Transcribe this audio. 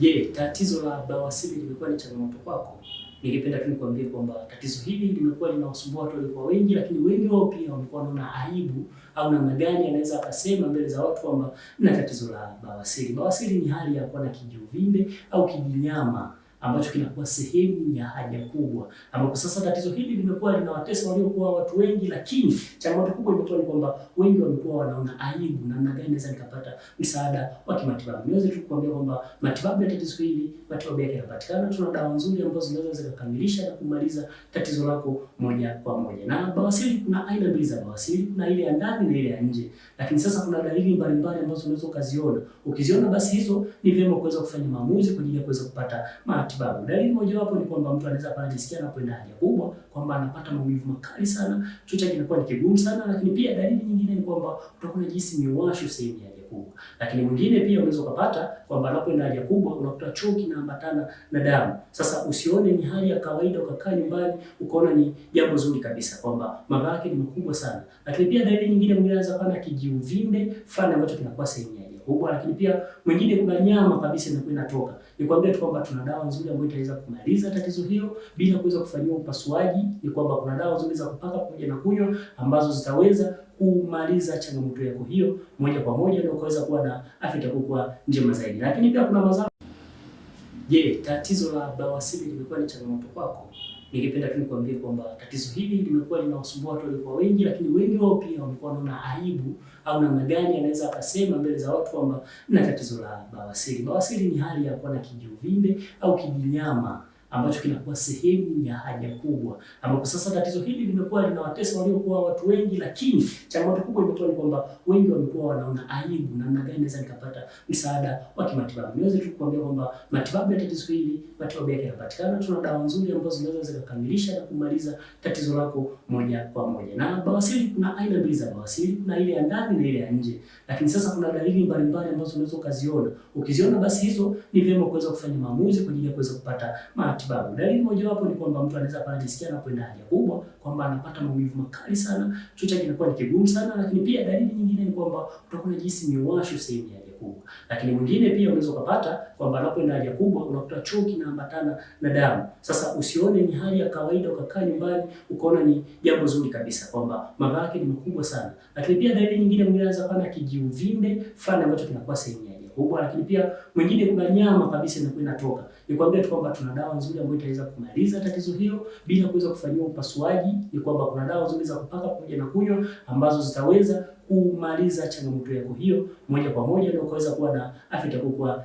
Je, tatizo la bawasiri limekuwa ni changamoto kwako? Ningependa tu nikwambie kwamba tatizo hili limekuwa linawasumbua watu walikuwa wengi, lakini wengi wao pia wamekuwa wanaona aibu au namna gani anaweza akasema mbele za watu kwamba na tatizo la bawasiri. Bawasiri ni hali ya kuwa na kijiuvimbe au kijinyama ambacho kinakuwa sehemu ya haja kubwa, ambapo sasa tatizo hili limekuwa linawatesa waliokuwa watu wengi, lakini changamoto kubwa imekuwa ni kwamba wengi wamekuwa wanaona aibu, namna gani naweza nikapata msaada wa kimatibabu. Niweze tu kuambia kwamba matibabu ya tatizo hili, matibabu yake yanapatikana. Tuna dawa nzuri ambazo zinaweza zikakamilisha na kumaliza tatizo lako moja kwa moja. Na bawasiri, kuna aina mbili za bawasiri, kuna ile ya ndani na ile ya nje, lakini sasa kuna dalili mbalimbali ambazo unaweza ukaziona. Ukiziona basi hizo ni vyema kuweza kufanya maamuzi kwa ajili ya kuweza kupata matibabu matibabu. Dalili mojawapo ni kwamba mtu anaweza kuwa anajisikia anapoenda haja kubwa kwamba anapata maumivu makali sana, kichwa kinakuwa ni kigumu sana, lakini pia dalili nyingine ni kwamba utakuwa unajihisi miwasho sehemu ya haja kubwa. Lakini mwingine pia unaweza kupata kwamba anapoenda haja kubwa unakuta choo kinaambatana na damu. Sasa usione ni hali ya kawaida ukakaa nyumbani ukaona ni jambo zuri kabisa kwamba madhara yake ni makubwa sana. Lakini pia dalili nyingine mwingine anaweza kuwa na kijiuvimbe fulani ambacho kinakuwa sehemu ya haja kubwa, lakini pia mwingine kuna nyama kabisa inakuwa inatoka. ni Nikwambia tu kwamba tuna dawa nzuri ambayo itaweza kumaliza tatizo hilo bila kuweza kufanyiwa upasuaji. Ni kwamba kuna dawa nzuri za kupaka pamoja na kunywa ambazo zitaweza kumaliza changamoto yako hiyo moja kwa moja na ukaweza kuwa na afya itakuwa njema zaidi. Lakini pia kuna mazao. Je, tatizo la bawasiri limekuwa ni changamoto kwako? ningependa tu nikwambie kwamba tatizo hili limekuwa linawasumbua watu walikuwa wengi, lakini wengi wao pia wamekuwa wanaona aibu au namna gani anaweza akasema mbele za watu kwamba na tatizo la bawasiri. Bawasiri ni hali ya kuwa na kijiuvimbe au kijinyama ambacho kinakuwa sehemu ya haja kubwa, ambapo sasa tatizo hili limekuwa linawatesa waliokuwa watu wengi, lakini changamoto kubwa imekuwa ni kwamba wengi wamekuwa wanaona aibu, namna gani naweza nikapata msaada wa kimatibabu. Niweze tu kuambia kwamba matibabu ya tatizo hili, matibabu yake yanapatikana. Tuna dawa nzuri ambazo zinaweza zikakamilisha na kumaliza tatizo lako moja kwa moja. Na bawasiri, kuna aina mbili za bawasiri, kuna ile ya ndani na ile ya nje, lakini sasa kuna dalili mbalimbali ambazo unaweza ukaziona. Ukiziona basi hizo ni vyema kuweza kufanya maamuzi kwa ajili ya kuweza kupata matibabu matibabu. Dalili mojawapo ni kwamba mtu anaweza pale jisikia anapoenda haja kubwa kwamba anapata maumivu makali sana, kichwa chake kinakuwa ni kigumu sana, lakini pia dalili nyingine ni kwamba utakuwa unajihisi miwasho sehemu ya haja kubwa. Lakini mwingine pia unaweza kupata kwamba anapoenda haja kubwa unakuta choo kinaambatana na damu. Sasa usione ni hali ya kawaida ukakaa nyumbani ukaona ni jambo zuri kabisa kwamba madhara yake ni makubwa sana. Lakini pia dalili nyingine mwingine anaweza kuwa na kijiuvimbe fulani ambacho kinakuwa sehemu ya kubwa, lakini pia mwingine kuna nyama kabisa inakuwa inatoka. kwambia tu kwamba tuna dawa nzuri ambayo itaweza kumaliza tatizo hilo bila kuweza kufanyiwa upasuaji. Ni kwamba kuna dawa nzuri za kupaka pamoja na kunywa ambazo zitaweza kumaliza changamoto yako hiyo moja kwa moja, na ukaweza kuwa na afya itakuwa